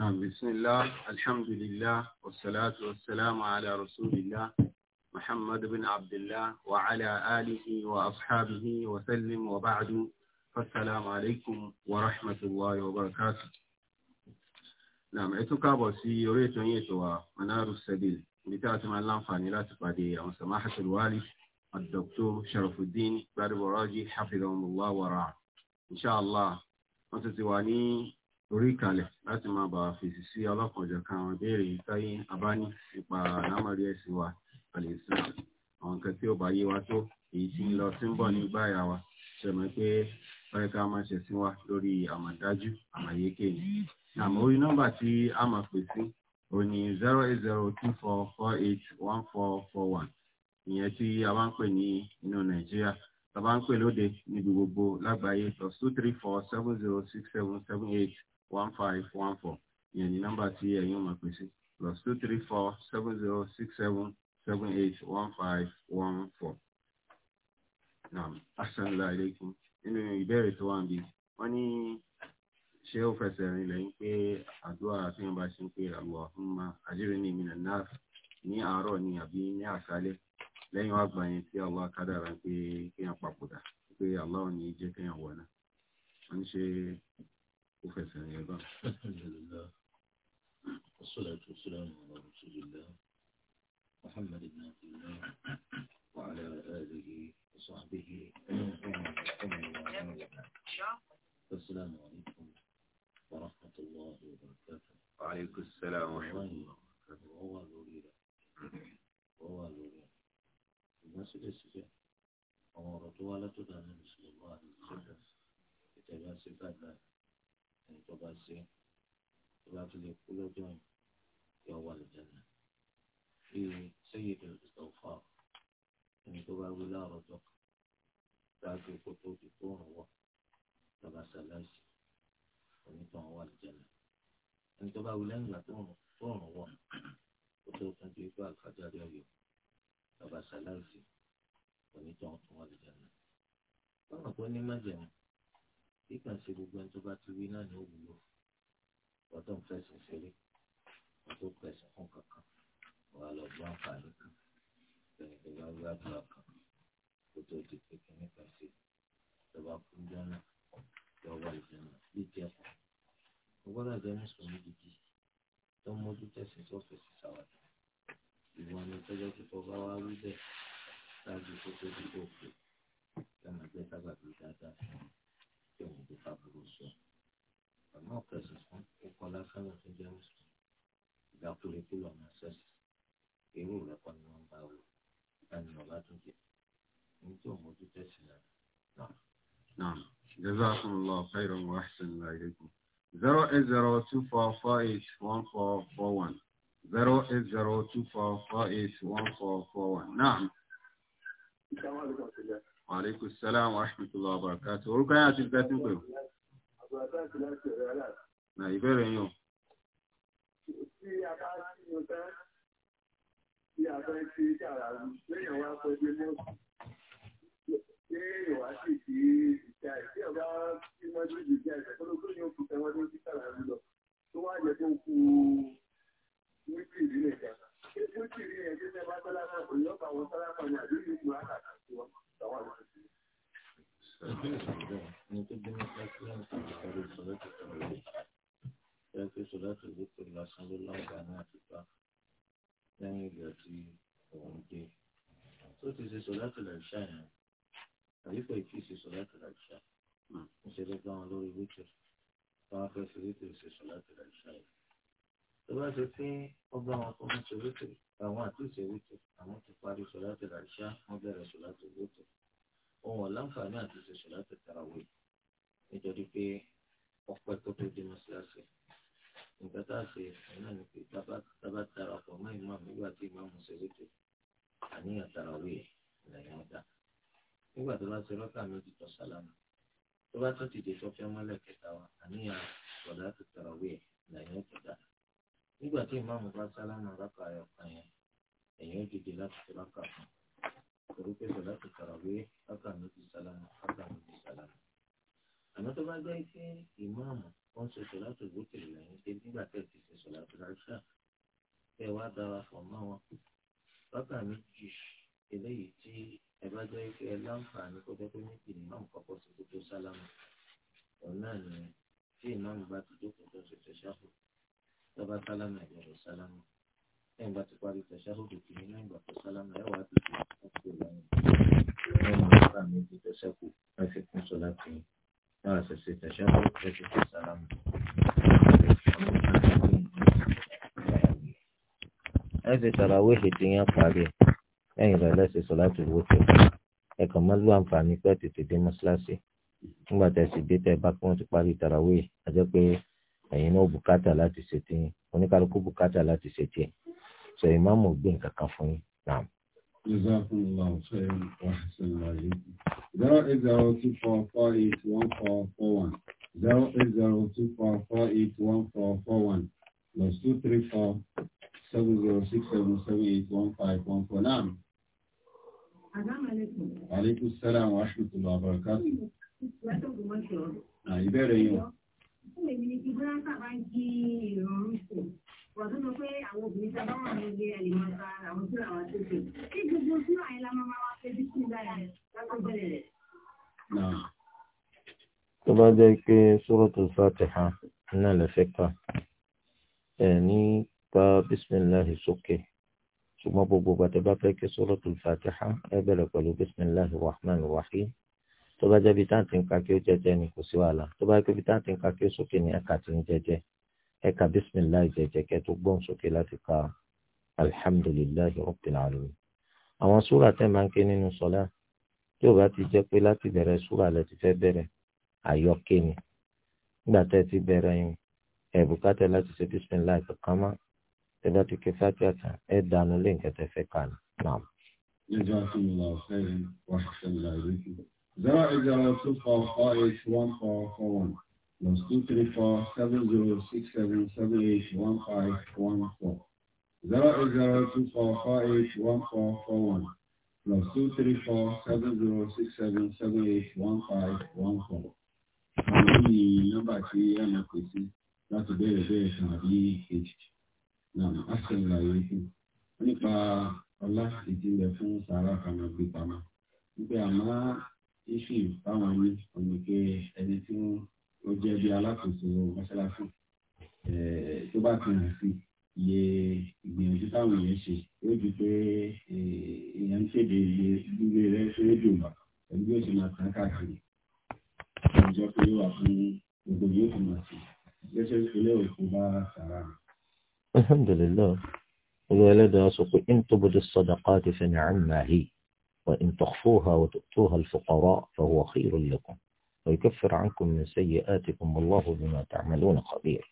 نعم، بسم الله الحمد لله والصلاة والسلام على رسول الله محمد بن عبد الله وعلى آله وأصحابه وسلم وبعد فالسلام عليكم ورحمة الله وبركاته نعم اتكابوا سي يريتون يتوا منار السبيل بتاعت من فاني لا تفادي أو سماحة الوالي الدكتور شرف الدين gbadebo raji hafidhahullah wa ra'ah inshallah wọ́n ti ti wà ní orí ìkàlẹ̀ láti máa bá fèsì sí ọlọ́kanjọ kan àwọn ìbéèrè yìí táyé abáni nípa àlámọ̀rí ẹ̀sìn wa àlè islam àwọn nǹkan tí ó bá yé wa tó èyí tí ń lọ sí ń bọ̀ ní báyà wa ṣẹ̀mọ̀ pé ọ̀rẹ́ ká máa ṣẹ̀ sí wa lórí àmọ̀dájú àmọ̀yékè ni àmọ́ orí nọ́mbà tí a máa pè sí òní zero eight zero two four four eight one four four one ìyẹn tí a bá ń pè ní inú nàìjíríà tá a bá ń pè lóde níbi gbogbo lágbàáyé plus two three four seven zero six seven seven eight one five one four ìyẹn ní nọ́mbà tí ẹ̀yin ò máa pèsè plus two three four seven zero six seven seven eight one five one four. naam asalaamu aleykum nínú ìbéèrè tó wà níbi wọ́n ní ṣé ó fẹsẹ̀ rinlẹ̀ ń pé àdúrà tí wọ́n bá ṣe ń pè Allahumma ajirni minan nar ní àárọ̀ ni àbí ní àṣálẹ́ lẹ́yìn wá gbà yẹn tí Allah kádàrá pé kéèyàn papòdà pé Allah ò ní jẹ́ kéèyàn wọ̀ náà wọ́n ṣe kó fẹsẹ̀ yẹn bá. والصلاة والسلام على رسول الله محمد بن عبد الله وعلى آله وصحبه السلام عليكم ورحمة الله وبركاته وعليكم السلام ورحمة الله وبركاته ṣùgbọ́n síbẹ̀síbẹ̀ àwọn ọ̀rọ̀ tó wá látọ̀dọ̀ àwọn mùsùlùmí wà ní ìṣẹ̀lẹ̀ ìtẹ̀lẹ́ sí gbàgbà ẹni tó bá ṣe tó bá fi lè kú lọ́jọ́ yìí yọ wà lójánà bí sẹ́yìn ìdòfà ẹni tó bá wí láàárọ̀ jọ dájú kó tó di tó rùn wọ lọ́ba sàlẹ́sì onítàn wà lójánà ẹni tó bá wí lẹ́yìn ìgbà tó rùn wọ kó tó tún di ipá àlùfáàjáde bàbá sàlárùfẹ́ onítọ̀ tó wà lè jẹun náà wọn kò ní má jẹun bí kàn ṣe gbogbo ẹni tó bá ti wí náà ní òwúlò ọ̀tọ̀ ń fẹsẹ̀ ṣeré ọ̀tọ̀ pẹ̀sẹ̀ fún kankan wà lọ gbọ́ àǹfààní kan ẹnìkan bá wí àdúrà kan kó tó di pé kíní kan sí tó bá kú jọ́nà tó wà lè jẹun náà bí jẹ́ kù ọgbọ́dọ̀ mùsùlùmí gidi tó mójú tẹ̀sí tó fèsì sáwàdà tọ́jọ́ ti fọ́ bá wá rí bẹ́ẹ̀ ṣáájú tó tó ti kó pè lọ́nà jẹ́ sábàbí dáadáa fún kí òun tó fa burú sọ. ọ̀nà ọ̀kẹ́sì fún kíkọ lásán ló ti jẹ́ mùsùlùmí ìdákúrẹ́ kí lọ́nà ṣẹ́sì irú rẹ̀ kọ́ ni wọ́n bá wò láti ọ̀gá tó jẹ nítorí òun ojú tẹ̀sí náà. نعم جزاكم الله خيرا واحسن اليكم 08024481441 zero eight zero two four four eight one four four one naam. Aleykum salaam wa rahmatullahi wa barakatuh. Orúkọ yẹn àti ìgbà tí ń pè ó. ìbéèrè yín o. Tí a bá sí mo tán, tí a fẹ́ ṣe dára lẹ́yìn wá pẹ̀lú mọ́tò. Ṣé ìwà sì kí ìdí ọ̀gá tí wọ́n ti ìjà ìjà tó ló tó yẹ kó tẹ̀wọ́n tó ti dára lọ? Tó wá yẹ kó kú. Gracias tó bá ṣe pé ọgbà wọn kò mú sòwòtò àwọn àtúnṣe wòtò àwọn ti parí sọlá tó rà ṣá wọn bẹ̀rẹ̀ sọlá tó wòtò ohun ọ̀làǹfààní àtúnṣe sọlá tó tara wò nítorí pé ọpẹ́ tó tó di mọ́ṣáláṣí nǹkan tá a ṣe náà ni pé tábà tara pọ̀ mọ́ ìmọ̀ nígbà tí ìmọ̀ mú sòwòtò àníyàn tara wò lẹ́yìn ọ̀dà nígbà tó bá ṣe rọ́kà méjì tó sálámù tó bá tó ti dé sọ́fẹ́ mọ́lẹ̀ kẹta wa àníyàn sọlá tó tara wò lẹ́yìn ọ̀dà nígbà tí ìmáàmù bá sálámà rákà ẹ̀kan yẹn èèyàn dìde láti fi rákà fún torí pé sọ láti kàràwé rákà méjì sálámà rákà méjì sálámà. àmọ́ tó bá gbé pé ìmáàmù ó ń ṣe sọ láti gbókè lẹ́yìn pé nígbà tẹ̀ ti ṣe sọ láti rákà tẹ̀ wá dára fọ̀ mọ́ wọn rákà méjì eléyìí tí ẹ bá jẹ́ pé ẹ láǹfààní kó jẹ́ pé méjì ni ìmáàmù kọ́kọ́ sí tó tó sálámà òun náà lọ́ba sálámà ìjọba sálámà lẹ́yìn ìgbà tó parí tẹ̀sán lóde kìíní lẹ́yìn ìgbà tó sálámà ẹ̀ wá dùn ó kú lẹ́yìn lẹ́yìn ìgbà méjì tó sẹ́kù wọ́n fi kún sọ́lá pé náà ṣẹ̀ṣẹ̀ tẹ̀sán lóde kìíní lẹ́yìn sálámà. ẹ ṣe tàràwé ètò yẹn parí lẹ́yìn rẹ̀ lẹ́sẹ̀ sọ́lá tó wó tẹ̀ ẹ kàn má lù àǹfààní pẹ́ tètè dé mọ́ṣáláṣí nígbà tẹ̀sí dé tẹ̀ bá pọ́n ti parí tàràwé àjẹ́ pé ẹ̀yin náà bùkátà láti ṣe tí yín oníkálukú bùkátà láti ṣe tí yín sọ ìmáàmù gbé nǹkan kan fún yín náà. Jazakumullahu khairan wa ahsana ilaykum. Zero eight zero two four four eight one four four one. Zero eight zero two four four eight one four four one. Plus two three four seven zero six seven seven eight one five one four nine. Aleykum salaam wa Ìbéèrè yín o. gbé àlèmọ́ta àwọn tí àwọn tó ṣe kí gbogbo tí wà ní lámọ́ máa wá fẹ́ bí sí ìgbà rẹ̀ lákọ̀ọ́bẹ̀rẹ̀ rẹ̀. tó bá jẹ́ pé Suratul Fatiha náà lè fẹ́ kà ẹ̀ nípa bísímìláhì sókè ṣùgbọ́n gbogbo gbàtẹ́ bá fẹ́ kí Suratul Fatiha ẹ bẹ̀rẹ̀ pẹ̀lú bísímìláhì rahman rahim tó bá jẹ́ táǹtì ń ka kí ó jẹ́jẹ́ ni kò sí wàhálà tó bá jẹ́ bí táǹtì ń ka kí ó sókè ni ẹ̀ka ti ń jẹ́jẹ́ ẹ̀ka bísímìláhì jẹ́jẹ́ kẹ́ tó gbóhùn sókè láti ka alhamdulillahi rabbil alamin. àwọn súrà tẹ́ máa ń ké nínú sọ́lá tí ò bá ti jẹ́ pé láti bẹ̀rẹ̀ súrà lẹ ti fẹ́ bẹ̀rẹ̀ àyọké ni nígbà tẹ́ ti bẹ̀rẹ̀ yín ẹ̀ bùkátà láti ṣe bísímìláì kankan mọ́ ẹ bá ti ké fátíà tán ẹ dànù lé nǹkan tẹ́ fẹ́ kà náà. Jazakumullahu khairan wa ahsanallahu ilaykum. Zero eight zero two four four eight one four four one plus two three four seven zero six seven seven eight one five one four. Zero zero eight eight two four four four one one plus two three four 2347067781514. Àwọn ní nọ́mbà tí ẹ máa pè sí láti bẹ̀rẹ̀ bẹ̀rẹ̀ kan àbí kejì. Náà, a ṣe ìlàyé ikú. Nípa ọlá ìjìnlẹ̀ fún sàárà kan àgbé pamọ́. Nígbà àmọ́ iṣu táwọn ní ònìkẹ́ ẹni tí ó jẹ́ bí alákòóso mọ́ṣáláṣí tó bá fi hàn sí i. iye ìgbìyànjú táwọn èèyàn ṣe ó ju pé èèyàn ń kéde iye gbígbé rẹ rédíò mọ pẹ̀lú bí ó ṣe máa tàn káàkiri ìjọ pé ó wà fún gbogbo yóò fi máa ṣe gẹ́gẹ́ bí ilé òkú bá sàrà. alhamdulilayi olùwà ẹlẹ́dàá sọ pé in tubdu sadaqati fa ni'ma hi wa in tukhfuha wa tu'tuha al-fuqara fa huwa khayrun lakum wa yukaffiru ankum min sayyi'atikum wallahu bima ta'maluna khabir.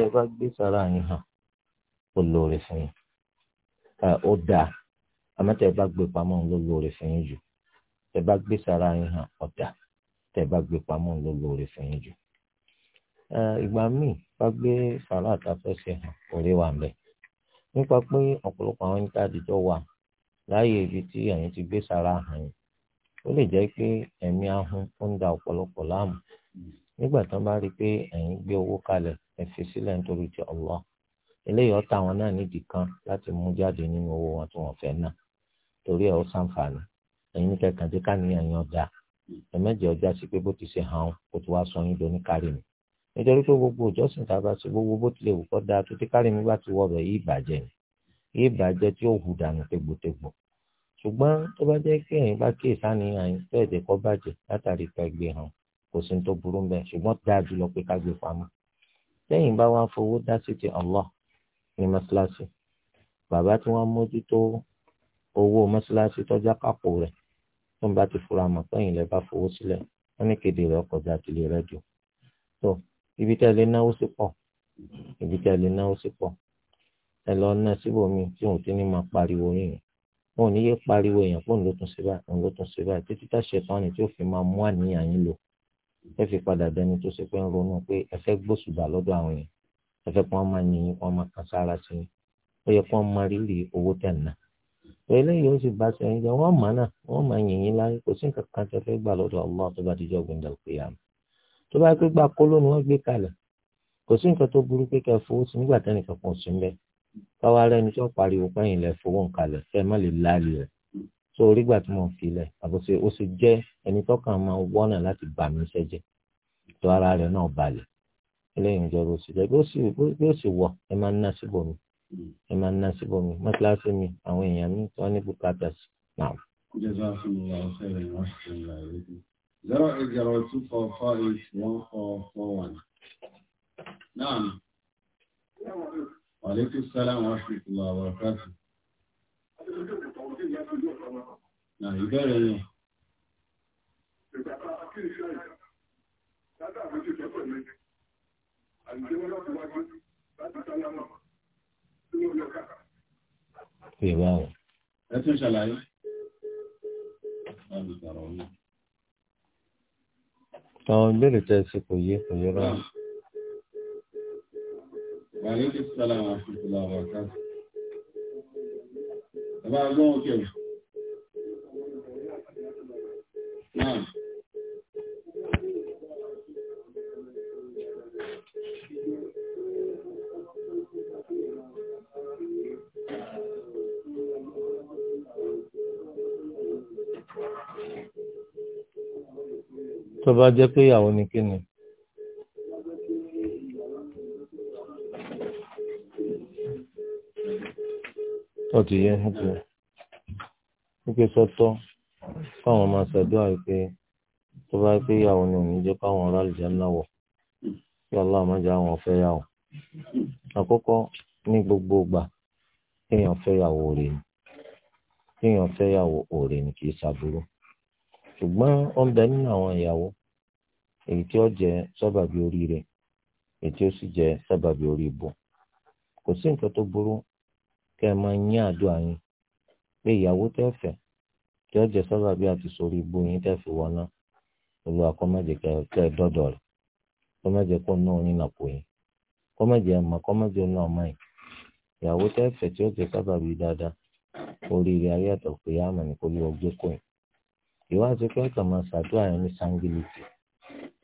ẹ bá gbé sàrà yín hàn ó lóore fún yín ó dáa bá gbé pamọ́ ló lóore fún yín jù tẹ́ ẹ bá gbé sára yín ọ̀dà pamọ́ lóore fún yín jù ìgbà míì bá gbé sàrà àtàfẹ́sẹ̀ hàn òré wà nípa pé ọ̀pọ̀lọpọ̀ àwọn níta àdìjọ wà láàyè ibi tí ẹ̀yin ti gbé hàn yín ó lè jẹ́ pé ẹ̀mí ahun ó eléyìí ọ̀tá wọn náà nídìí kan láti mú jáde nínú owó wọn tí wọ́n fẹ́ náà torí ẹ̀ ó sàǹfààní ẹ̀yin kẹkàn tí káníyàn yẹn ọjà ẹ̀mẹ́jẹ̀ ọjà sí pé bó ti ṣe hàn kó tó wá sọ yín lóní kárí mi nítorí pé gbogbo ìjọsìn tàbá sí gbogbo bó tilẹ̀ wù kọ́ da tó ti kárí mi bá ti wọ̀ bẹ̀ yí ìbàjẹ́ ni yí ìbàjẹ́ tí ó hù dànù tegbòtegbò ṣùgbọ́n tó bá jẹ́ pé ẹ̀yin bá kíyè sáníyàn yín tó ẹ̀jẹ̀ kọ́ bàjẹ́ látàrí pé gbé hàn kò sí ní tó burú mbẹ ṣùgbọ́n dáa jùlọ pé ká gbé pamọ́ Allah ní mọ́ṣáláṣí bàbá tí wọ́n mójútó owó mọ́ṣáláṣí tọ́já kápò rẹ̀ tó ń bá ti fura mọ̀ pẹ́yìn lẹ́ bá fowó sílẹ̀ wọ́n ní kéde rẹ̀ kọjá àtìlẹ́ rẹ́díò tó ibi tẹ́ lè náwó sí pọ̀ ibi tẹ́ lè náwó sí pọ̀ ẹ lọ ná síbòmíì tí òun ti ní máa pariwo yìnyín wọn ò ní yé pariwo èèyàn fóun ló tún ṣe báyìí òun ló tún ṣe báyìí títí tá ṣetán ni tí ó fi máa mú àníyàn yín lò ẹ fi padà dẹni tó ṣe pé ń ronú pé ẹ fẹ́ gbóṣùbà lọ́dọ̀ àwọn èèyàn ẹfẹ kí wọn máa ní wọn máa kàn sára sí i ó yẹ kí wọn máa rírì owó tẹ̀ ná eléyìí ó sì bá ṣe ń jẹ wọn mọ̀ náà wọn máa yìnyín láyé kò sí nǹkan kan tó fẹ́ gbà lọ́dọ̀ Allah tó bá dijọ́ gbẹ̀ndà òkè yàrá tó bá gbé gbà kóló ni wọ́n gbé kalẹ̀ kò sí nǹkan tó burú pé kẹ́ fowó sí nígbà tẹ́nì kankan sí mbẹ́ káwá lẹ́nu tó pariwo pẹ́yìn lẹ fowó nkalẹ̀ kẹ́ má lè láàlì rẹ̀ tó orí gbà tí mo fi lẹ̀ àbòsí ó sì jẹ́ ẹni tó kàn máa wọ́nà láti bà mí sẹ́jẹ̀ tó ara rẹ̀ náà balẹ̀ eléyìí ìjọba bó sì jẹ́ bí ó sì wọ̀ ẹ máa ń ná síbòmí ẹ máa ń ná síbòmí mọ́tíláṣí mi àwọn èèyàn mi tí ní bùkátà sí náà. zero eight zero two four four eight one four four one. naam. wàlékún sálàmù àṣìkò àwọn àkàtà. náà ìbéèrè yẹn. Ìgbà tá a kí iṣẹ́ ìjà, dáadáa mi ti tọ́jú mi. Ìwà o. Ẹ tún ṣàlàyé. Àwọn ìbéèrè tẹ́ sí kò yé kò yé rárá. Wàlé kí sálàmù àti ìlà ọ̀rọ̀ ká. Ẹ bá gbọ́n òkè o. tó bá jẹ́ pé ìyàwó ni kí ni. ọtí yẹ ọtí yẹ wípé sọ́tọ̀ káwọn máa ṣàdúrà wípé tó bá pé ìyàwó ni òní jẹ́ káwọn ará lè jẹun náà wọ kí Ọlọ́run má jẹ́ àwọn ọfẹ yàwó àkọ́kọ́ ní gbogbo ìgbà kéèyàn fẹ́ yàwó òrè ni kéèyàn fẹ́ yàwó òrè ni kì í ṣàbúrò ṣùgbọ́n ó ń bẹ nínú àwọn ìyàwó èyí tí ó jẹ sábàbí oríire èyí tí ó sì jẹ sábàbí orí ibò kò sí nǹkan tó burú kẹ́ ẹ máa yín àdúrà yín pé ìyàwó tẹ́ tí ó jẹ́ sábàbí àti sórí ibò yín tẹ́ wọná olú akọ́mọ̀jẹ̀ kẹ́ ẹ dọ́dọ̀ rẹ̀ kọ́mọ̀jẹ̀ kó ná orin nàpọ̀ yín ìyàwó tí ó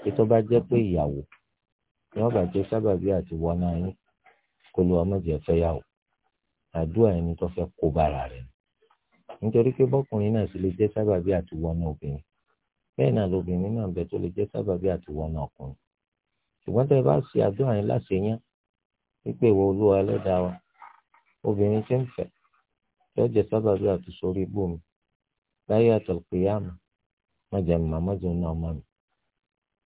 kí tó bá jẹ́ pé ìyàwó ni wọ́n bá jẹ́ sábàbí àti wọnà yín kó lu ọmọdé ẹ̀fẹ́ yàwó àdúrà ẹni tó fẹ́ kó bára rẹ nítorí pé bọkùnrin náà sì lè jẹ sábàbí àti wọnà obìnrin náà náà bẹ tó lè sábàbí àti wọnà ọkùnrin bá ṣe àdúrà yín láṣeyán wípé ìwọ olúwa wa obìnrin ń sábàbí àti sórí ibú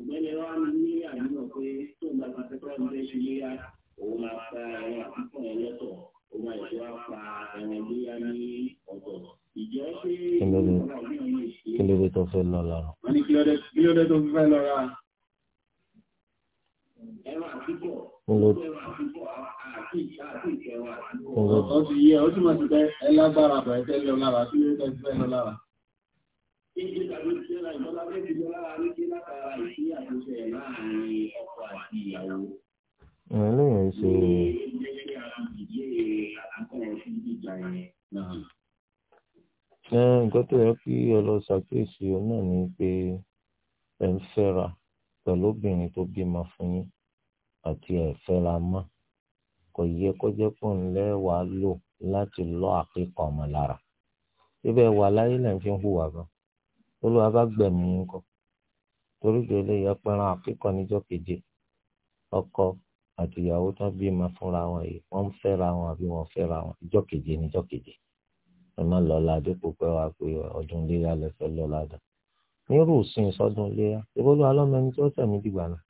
ìgbẹ́ni wa ní àdúgbò pé tó ń gbàgbà pé kọ́ ilé ṣe léyà òun máa pa ẹran àkókò ẹ̀ lọ́tọ̀ òun máa ìjọba pa ẹran léyà ní ọ̀tọ̀ ìjọ ṣe kí ló tó fẹ́ lọ lára. wọ́n ní kí ló tó fẹ́ lọ ẹran àdúgbò ẹran àdúgbò àti ìjà àti ìjẹun ọ̀sán ti yẹ ọtí màá ti bẹ́ ẹ lágbára bẹ̀ẹ́ tẹ́lẹ̀ lára kí ló tó fẹ́ lọ lára. Ìjẹ́ tàbí ìṣẹ́ra ìjọba bẹ́ẹ̀ ti jọra wípé látara ìṣí àtúnṣe láàárín ọkọ àti ìyàwó. Ẹlẹ́yìn ṣe. Nǹkan tó yẹ kí ẹ lọ ṣàkíyèsí òun náà ni pé ẹ ń fẹ́ra pẹ̀lú obìnrin tó bímọ fún yín àti ẹ fẹ́ra mọ́. Kò yẹ kó jẹ́ pé òun lẹ́wàá lò láti lọ àpékọ̀ ọmọ lára. Ibẹ̀ wà láyé lẹ́yìn fi ń hùwà gan olúwa bá gbẹ̀mí yín kọ torí délé ọpẹran àkíkọ níjọ́ keje ọkọ àti ìyàwó tán bí ma fúnra wọn yìí wọ́n ń fẹ́ra wọn àbí wọ́n fẹ́ra wọn ìjọ́ keje níjọ́ keje ẹ má lọ la dípò pé wàá pé ọdún léyà lẹfẹ lọ ládà nírú ìsìn sọdún léyà ìbólú alọmọẹni tí ó tẹmí dìgbà náà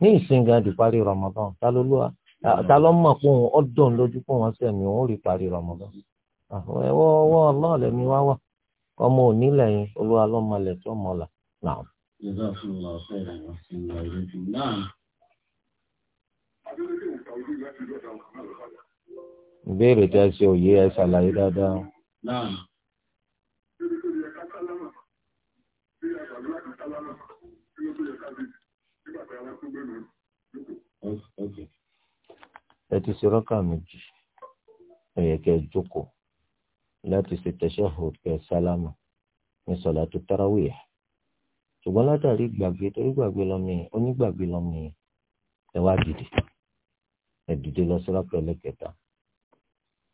ní ìsìn gan di parí Ramadan ta ló lọ ta ló mọ pé òun ọdún lójú pé wọn sẹmí òun rí parí Ramadan ah, ẹwọ ọwọ ọlọọlẹmí wá wà ọmọ ò nílẹ̀ yẹn olúwa lọ́mọ ilẹ̀ tí ọmọ là náà. ìjọba fún ìbéèrè tí a ṣe òye ẹ ṣàlàyé dáadáa. ẹ ti ṣe rọ́kà méjì ẹ̀yẹ̀kẹ́ láti ṣe tashahhud kẹ́ sálámà ní sọ̀látù tarawih ṣùgbọ́n látàrí gbàgbé torí gbàgbé lọ́mí onígbàgbé lọ́mí ẹ wá dìde ẹ dìde lọ sí rákà ẹlẹ́kẹta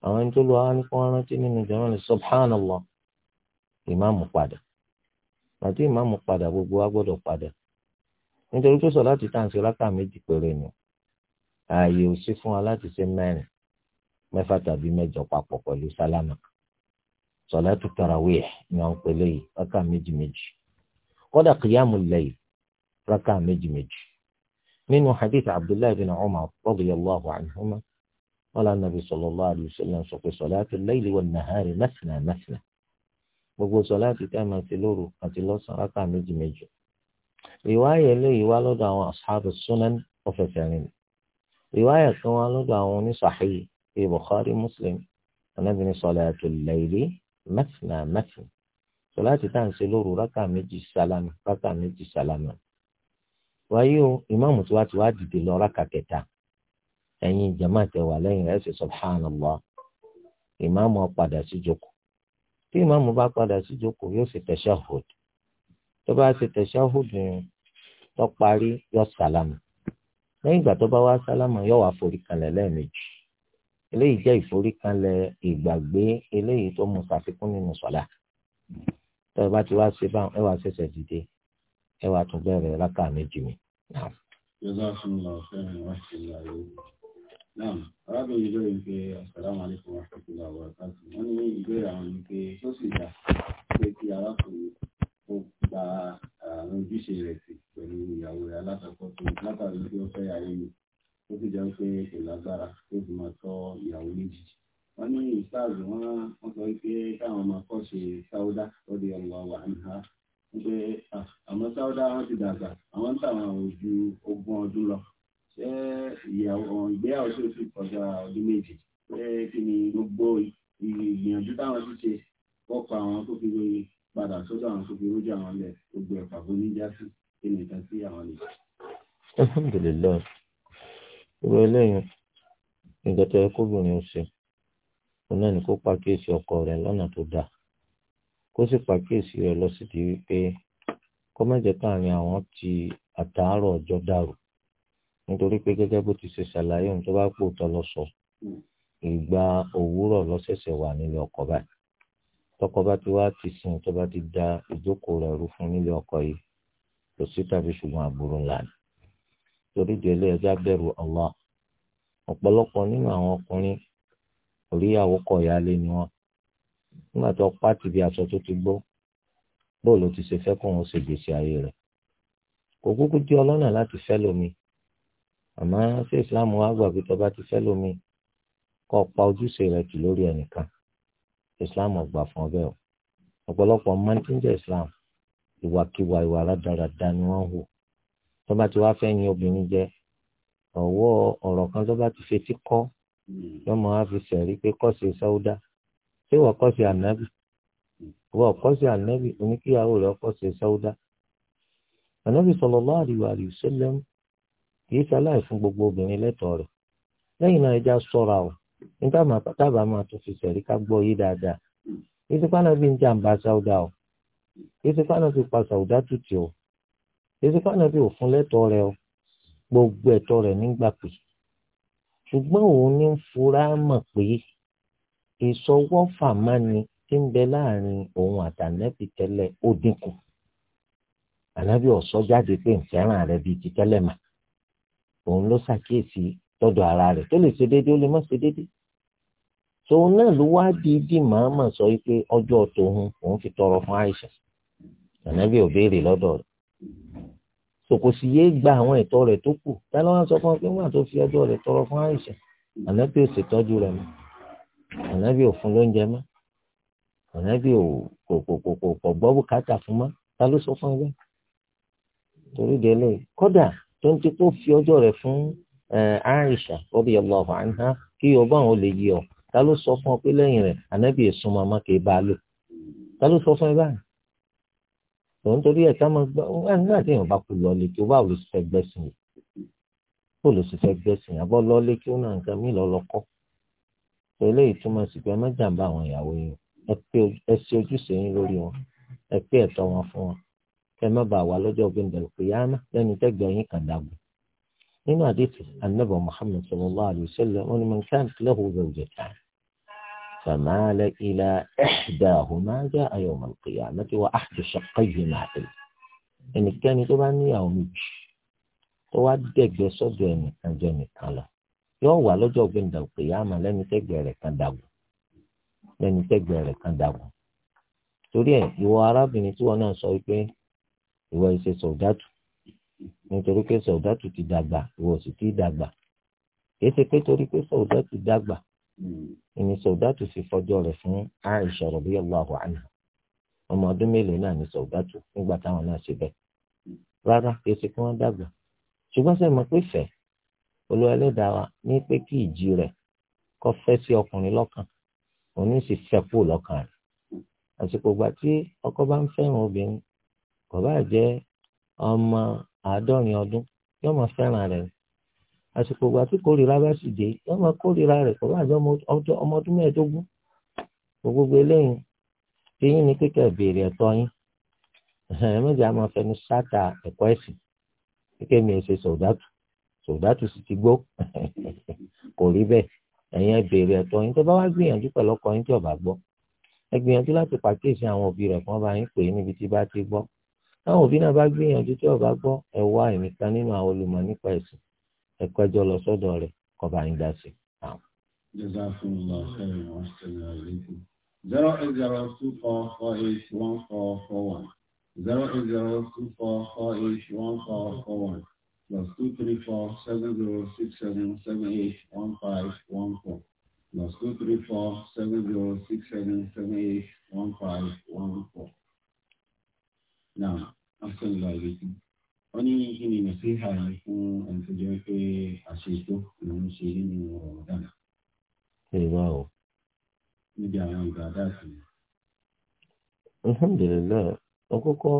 àwọn ẹni tó lu ara ní kó rántí nínú jàmáà ní subhanallah ìmáàmù padà àti ìmáàmù padà gbogbo wa gbọ́dọ̀ padà nítorí pé sọ̀láàtì tá à ń ṣe rákà méjì péré ni ààyè ò sí fún wa láti ṣe mẹ́rin mẹ́fà tàbí mẹ́jọ papọ̀ pẹ̀lú sálámà sọ̀látù tarawih ni wọ́n ń pè léyìí rákà méjì méjì kódà qiyamul layl rákà méjì méjì nínú hadith abdullahi bin umar radiyallahu anhuma wala nabi sallallahu alayhi wa sallam sọ pé sọ̀látù layli wan nahari mathna mathna gbogbo sọ̀látù tẹ́ máa ti lóru àti lọ́sàn-án rákà méjì méjì riwaya eléyìí wá lọ́dọ̀ àwọn ashabu sunan ọ̀fẹ̀fẹ̀rin riwaya kan wá lọ́dọ̀ àwọn oníṣàhí Bukhari Muslim anábìnrin sọ̀látù layli mẹ́tìnà mẹ́tìn sọláàtì tá à ń ṣe lóru rákà méjì sálámà rákà méjì sálámà wáyé o ìmáàmù tí wàá ti wá dìde lọ rákà kẹta jama wà subhanallah ìmáàmù padà sí jókòó tí ìmáàmù bá padà sí jókòó yóò ṣe tashahhud tó bá ṣe tashahhud tó parí sálámà lẹ́yìn ìgbà tó sálámà yọ wá forí eléyìí jẹ́ ìforíkanlẹ̀ ìgbàgbé eléyìí tó mú ṣàfikún nínú sọ̀lá tẹ́ ẹ bá ti wá ṣe báwọn ẹ wá ṣẹ̀ṣẹ̀ dìde ẹ wá tún bẹ̀rẹ̀ lákà méjì mi. arábìnrin lórí pé asalaamu alaykum wa rahmatullahi wa barakatuh wọ́n ní ìbéèrè àwọn ni pé tó sì pé kí arákùnrin ó gba àwọn ojúṣe rẹ̀ sí pẹ̀lú ìyàwó rẹ̀ alátakọ̀ tó látàrí pé ó fẹ́ ayé mi ó sì jẹ́ pé kò lágbára ó sì máa tọ́ ìyàwó méjì. wọ́n ní ìsáàzù wọn wọ́n sọ pé káwọn máa kọ́ ṣe sáúdà lọ́dẹ ọ̀wà wà níhà pé àwọn sáúdà wọn ti dàgbà àwọn ń tàwọn ojú ogún ọdún lọ ṣé ìyàwó ìgbéyàwó tó sì kọjá ọdún méjì pé kí ni gbogbo ìgbìyànjú táwọn ti ṣe kọ́kọ́ àwọn tó fi padà sọ́dọ̀ àwọn tó fi rójú àwọn lẹ̀ gbogbo ẹ̀fà fún níjà sí kí nìkan sí àwọn nìkan. alhamdulilayi irú eléyìí nǹkan tó yẹ kóbìnrin ó ṣe òun náà ni kó pàkíyèsí ọkọ rẹ̀ lọ́nà tó dáa kó sì pàkíyèsí rẹ̀ lọ sídìí wípé kó má jẹ́ káàrin àwọn ti àtàárọ̀ ọjọ́ dàrú nítorí pé gẹ́gẹ́ bó ti ṣe ṣàlàyé ohun tó bá pò tọ́ lọ sọ ìgbà òwúrọ̀ lọ́sẹ̀ṣẹ̀ wà nílé ọkọ báyìí tọkọ bá ti wá ti sìn tó bá ti da ìjókòó rẹ̀ rú fún nílé ọkọ yìí kò sí tàbí ṣùgbọ́n àbúrò ńlá ni torí délé ẹja bẹ̀rù Allah ọ̀pọ̀lọpọ̀ nínú àwọn ọkùnrin oríyàwó kọ̀yálé ni wọn nígbà tó pàtì bí aṣọ tó ti gbó bóòlù ti ṣe fẹ́ kó wọn ṣe gbèsè ayé rẹ̀ kò kúkú jẹ́ ọlọ́nà láti fẹ́ lómi àmọ́ ṣé Islam wá gbà pé tọba ti fẹ́ lómi kọ́ pa ojúṣe rẹ̀ jù lórí ẹnìkan Islam ọgbà fún ọbẹ̀ ọ̀pọ̀lọpọ̀ máa ń tí jẹ́ Islam ìwàkiwà ìwà aládàradà ni wọ́n hù tó bá ti wá fẹ́ yin obìnrin jẹ ọ̀wọ́ ọ̀rọ̀ kan tó bá ti fetí kọ́ lọ́mọ wa fi sẹ̀rí pé kọ́sì sọ́ọ́dà ṣé wọ́n kọ́sì ànábì wọ́n kọ́sì ànábì oníkíyàwó rẹ̀ kọ́sì sọ́ọ́dà ànábì sallallahu alaihi wasallam kì í ṣaláì fún gbogbo obìnrin lẹ́tọ̀ọ́ rẹ̀ lẹ́yìn náà ẹja sọ́ra o nígbà tábà máa tún fi sẹ̀rí ká gbọ́ yé dáadáa kì í ṣe ń jàǹbá sọ́ọ́dà o kì í fi pa sọ́ọ́dà tutù o. èsì kánàbí ò fún lẹ́tọ̀ọ́ rẹ o gbogbo ẹ̀tọ́ rẹ nígbà pé ṣùgbọ́n òun ní fura mọ̀ pé ìsọwọ́ fàmánì tí ń bẹ láàrin òun àtànẹ́bì tẹ́lẹ̀ ó dínkù ànábì ọ̀sọ́ jáde pé ìfẹ́ràn rẹ̀ bíi ti tẹ́lẹ̀ mà òun ló ṣàkíyèsí tọ́dọ̀ ara rẹ̀ tó lè ṣe déédéé ó lè má ṣe déédéé tòun náà ló wá di màmá sọ wípé ọjọ́ tòun òun fi tọrọ fún Àìṣà ànábì ò béèrè lọdọ. sòkòsì yéé gba àwọn ẹ̀tọ́ rẹ̀ tó kù tẹ́lẹ̀ wọ́n sọ fún ọ pé wọ́n àti fi ọjọ́ rẹ̀ tọrọ fún àìsàn ànábì ò ṣètọ́jú rẹ̀ mọ́ ànábì ò fún lóúnjẹ mọ́ ànábì ò kò kò kò kò kò gbọ́ bùkátà fún mọ́ ta ló sọ fún ọgbẹ́ torí délé kódà tó ń ti kó fi ọjọ́ rẹ̀ fún àìsàn radiyallahu anha kí ọba àwọn olè yí ọ ta ló sọ fún ọ pé lẹ́yìn rẹ̀ ànábì a lò ta ló sọ fún ẹ tòun torí ẹ̀ ká máa gbọ́ ẹni náà tí èèyàn bá kú lọ́ọ́lé kí ó bá olùsífẹ́ gbẹ́sìn yìí kó olùsífẹ́ gbẹ́sìn yìí àbọ̀ lọ́ọ́lé kí ó náà nǹkan mí lọ́lọ́kọ́ tó eléyìí túmọ̀ sí pé ẹ má jàǹbá àwọn ìyàwó yín ẹ ṣe ojúṣe yín lórí wọn ẹ pé ẹ̀tọ́ wọn fún wọn ẹ má bàa wà lọ́jọ́ gbẹ̀ndẹ̀lù pé yá má lẹ́ni tẹ́gbẹ̀ẹ́ yín kàn dàgbù nínú àdìsí anábọ̀ Muhammad sallallahu alayhi wa sallam wọn ni man kanat lahu فمال إلى إحداهما جاء يوم القيامة وأحد شقيه ماتل إن كان طبعا يوم تودك صدني أنجني على yóò wà lọ́jọ́ gbẹ̀ndà òkèèyàmà lẹ́ni tẹ́gbẹ̀ẹ́ rẹ̀ kan dàgbò lẹ́ni tẹ́gbẹ̀ẹ́ rẹ̀ kan dàgbò torí ẹ̀ ìwọ arábìnrin tí wọ́n náà sọ pé ìwọ ìṣe sọ̀dátù nítorí pé sọ̀dátù ti dàgbà ìwọ sì ti dàgbà kìí ṣe pé torí pé sọ̀dátù dàgbà ìní sọ̀dátù sì fọjọ́ rẹ̀ fún Aisha radiyallahu anha ọmọ ọdún mélòó náà ní sọ̀dátù nígbà táwọn náà ṣe bẹ́ẹ̀ rárá kí o sì kí wọ́n dàgbà ṣùgbọ́n sẹ́ mọ̀ pé fẹ́ olú ẹlẹ́dàá wa ní pé kí ìjì rẹ̀ kọ́ fẹ́ sí ọkùnrin lọ́kàn òní sì fẹ́ kú lọ́kàn rẹ̀ àsìkò ìgbà tí ọkọ bá ń fẹ́ràn obìnrin kò bá jẹ́ ọmọ àádọ́rin ọdún yóò máa fẹ́ràn rẹ̀ àsìkò ìgbà tí kórìíra bá sì dé yóò máa kórìíra rẹ̀ kó bá jẹ́ ọmọ ọdún mẹ́ẹ̀ẹ́dógún kò gbogbo eléyìí eyín ni kíkẹ́ béèrè ẹ̀tọ́ yín ẹ̀ méjì á máa fẹnu ṣáàtà ẹ̀kọ́ ẹ̀sìn kíkẹ́ mi ẹ̀ ṣe sọ̀dátù sọ̀dátù sì ti gbó kò rí bẹ́ẹ̀ ẹ̀yin ẹ̀ béèrè ẹ̀tọ́ yín tó bá wá gbìyànjú pẹ̀lú ọkọ yín tí ọ̀bà gbọ́ ẹ gbìyànjú láti pàkíyèsí àwọn òbí rẹ̀ kí wọ́n yín pè níbi tí bá ti gbọ́ táwọn òbí náà bá gbìyànjú tí ọ̀bà gbọ́ ẹ wá ẹ̀mí nínú àwọn olùmọ̀ nípa ẹ̀sìn ẹ̀kọ́ ẹjọ́ lọ sọ́dọ̀ rẹ̀ kọba yín dá sí. zero eight zero two four four eight one four four one zero eight zero two four four eight one four four one plus two three four seven zero six seven seven eight one five one four plus two three four seven zero six seven seven eight one five one four. Now, I'm sending wọ́n ní kí ni nàìjíríà fún ẹni tó jẹ́ pé àṣetó ló ń ṣe nínú ọ̀rọ̀ dáná. ẹ wá o. níbi àwọn ìbàdà sí. alhamdulilayi ọkọkọ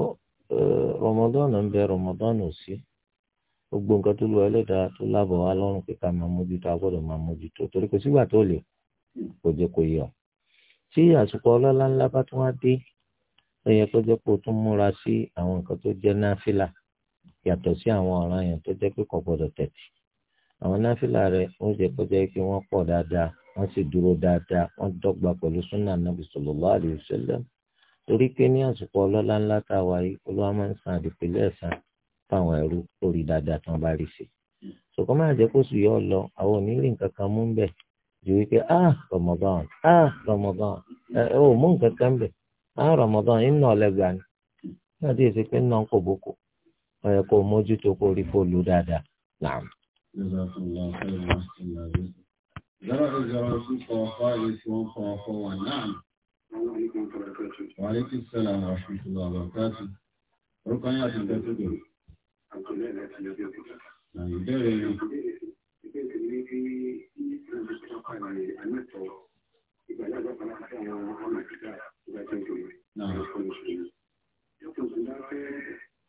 Ramadan ń bẹ Ramadan ò sí gbogbo nǹkan tó lu ẹlẹ́dàá tó lábọ̀ wá lọ́rùn pé ká máa mójútó a gbọ́dọ̀ máa mójútó torí kò sígbà tó lè kò jẹ́ kó yẹ ọ́ tí àsìkò ọlọ́lá ńlá bá tún wá dé ó yẹ jẹ́ kó tún múra sí àwọn nǹkan tó jẹ́ náfìlà yàtọ̀ sí àwọn ọ̀ràn yẹn tó jẹ́ pé kò gbọdọ̀ tẹ̀tì àwọn náfìlà rẹ̀ ó jẹ́ kó jẹ́ pé wọ́n pọ̀ dáadáa wọ́n sì dúró dáadáa wọ́n dọ́gba pẹ̀lú súnà nàbì sallallahu alaihi wasallam torí pé ní àsìkò ọlọ́lá ńlá tá a wà yìí olúwa máa ń san àdìpẹ́lẹ́ ẹ̀san fáwọn ẹrú lórí dáadáa tí wọ́n bá rí sí i ṣùkọ́ máa jẹ́ kó sùn yọ lọ àwọn onílé nǹkan kan mú bẹ̀ ju wípé ah Ramadan ah Ramadan ẹ ò mú nǹkan kan bẹ̀ ah Ramadan iná ọ̀lẹ́gbàá ni náà tí èsì wọ́n yẹ kó mójútó kó rí fóònù dáadáa náà. zero eight zero two four five eight one four four one nine. Wàhálẹ́kì sẹ́lá àṣùtùlọ̀ àbàkátì. Orúkọ yín àti ìgbẹ́ tó dò. Ìbéèrè yẹn. Ìbéèrè mi bí ìgbà tó kọ́ ni àmẹ́tọ̀ ìgbàlagbà kan láti àwọn ọmọ ìgbà tó ń tòun. Náà. Dókítà Ògùndá fẹ́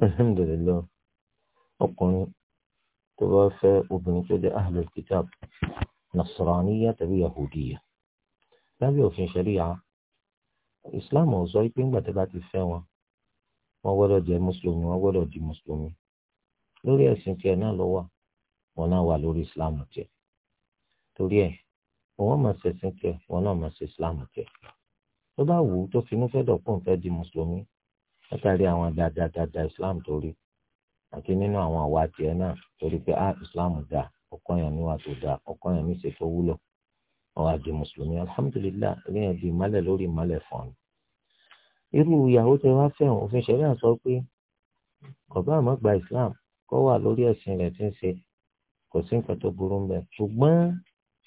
الحمد لله أقول توافى أبنك دي أهل الكتاب نصرانية تبي يهودية نبي في شريعة إسلام وزوي بين بتبات الفوا wọ́n gbọ́dọ̀ jẹ́ mùsùlùmí wọ́n gbọ́dọ̀ di mùsùlùmí lórí ẹ̀sìn tiẹ̀ náà ló wà wọn náà wà lórí islam tiẹ̀ torí ẹ̀ òun máa ṣẹ̀sìn tiẹ̀ wọn náà máa ṣe islam tiẹ̀ tó bá wù ú tó finú fẹ́ dọ̀pọ̀ nfẹ́ di mùsùlùmí látàrí àwọn dáadáa islam torí àti nínú àwọn àwa tiẹ̀ náà torí pé a ah, islam da ọkọ yẹn níwà tó da ọkọ yẹn níṣẹ́ tó wúlò ọ̀hà di mùsùlùmí alhamdulilayi ẹ̀yìn di ìmọ̀lẹ̀ lórí ìmọ̀lẹ̀ fún mi irú ìyàwó tẹ wá fẹ́ òfin ṣẹlẹ̀ sọ pé kọ̀bá àmọ́ gba islam kọ́ wà lórí ẹ̀sìn rẹ̀ tí ń ṣe kò sí nǹkan tó burú ń bẹ̀ ṣùgbọ́n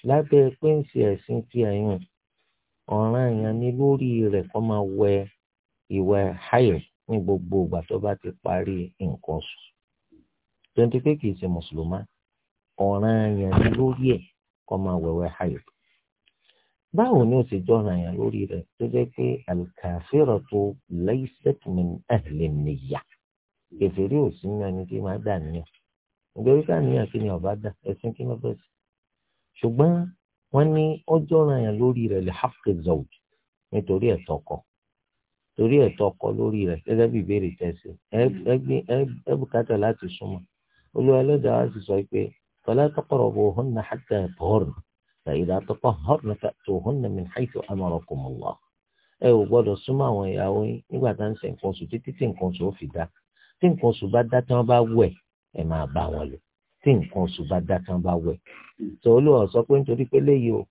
lábẹ́ pé ń ṣe ẹ̀sìn tí ẹ̀yìn ọ̀ràn èèyàn ni lórí rẹ̀ kọ́ máa wẹ ìwẹ̀ hayẹ̀ ní gbogbo ìgbà tó bá ti parí nǹkan oṣù tó ń ti pé kì í ṣe mùsùlùmá ọ̀ràn èèyàn ni lórí ẹ̀ kọ́ máa wẹ̀wẹ̀ hayẹ̀ báwo ni ó ṣe jọra yàn lórí rẹ̀ tó jẹ́ pé al-kāfiratu laysat min ahli niyya kẹfìrí ò sí náà ni kí máa dà níyà nítorí káàníyàn kí ni ọba dà ẹ̀sìn kí máa bẹ̀sẹ̀ ṣùgbọ́n wọ́n ní ó jọra yàn lórí rẹ̀ lè haqqi zawj nítorí ẹ̀tọ́ ọkọ torí ẹ̀tọ́ ọkọ lórí rẹ̀ gẹ́gẹ́ bí ìbéèrè tẹ̀sí ẹ bùkátà láti súnmọ́ olúwa ẹlẹ́dàá sì sọ pé fala taqrabuhunna hatta فإذا تطهرن فأتوهن من حيث أمركم الله ẹ ò gbọ́dọ̀ súnmọ́ àwọn ìyàwó yín nígbà tá à ń ṣe nǹkan oṣù títí tí nǹkan oṣù ó fi dá tí nǹkan oṣù bá dá tí wọ́n bá wẹ̀ ẹ máa bá wọn lò tí nǹkan oṣù bá dá tí wọ́n bá wẹ̀ tó olúwa sọ pé nítorí pé léyìí o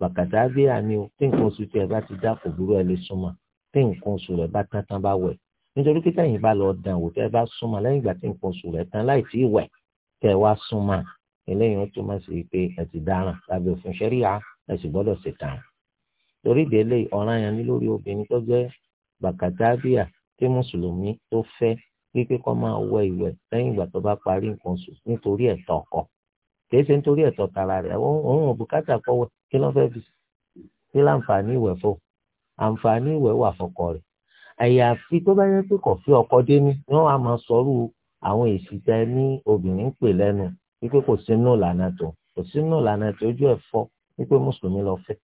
bàkàtà bí àní o tí nǹkan oṣù tí ẹ bá ti dá kò burú ẹ lè súnmọ́ tí nǹkan oṣù rẹ bá tán tán bá wẹ̀ nítorí pé tẹ̀yìn bá lọ dàn wò tẹ́ bá súnmọ́ lẹ́yìn ìgbà tí nǹkan oṣù rẹ tán láì tí ì wẹ̀ tẹ́ wá súnmọ́ eléyìí ó túmọ̀ sí pé ẹ ti dáràn lábẹ́ òfin ṣẹ́ríà ẹ sì gbọ́dọ̀ ṣe tàn. torí délé ọ̀ràn yẹn ní lórí obìnrin tó jẹ́ bàkàtàbíà tí mùsùlùmí tó fẹ́ wípé kó máa wẹ ìwẹ̀ lẹ́yìn ìgbà tó bá parí nǹkan oṣù nítorí ẹ̀tọ́ ọkọ kìí ṣe nítorí ẹ̀tọ́ tara rẹ̀ òun ò bùkátà kọ́wọ́ kí ló fẹ́ fi sí láǹfààní ìwẹ̀ fún àǹfààní ìwẹ̀ wà fọkọ rẹ̀ àyàfi tó bá yẹ pé kò fi ọkọ dé ní ni wọ́n á máa sọrú àwọn èsì tẹ ní obìnrin pè lẹ́nu wípé kò si ìlànà tó kò sínú ìlànà tó ojú ẹ̀ fọ́ wípé mùsùlùmí lọ fẹ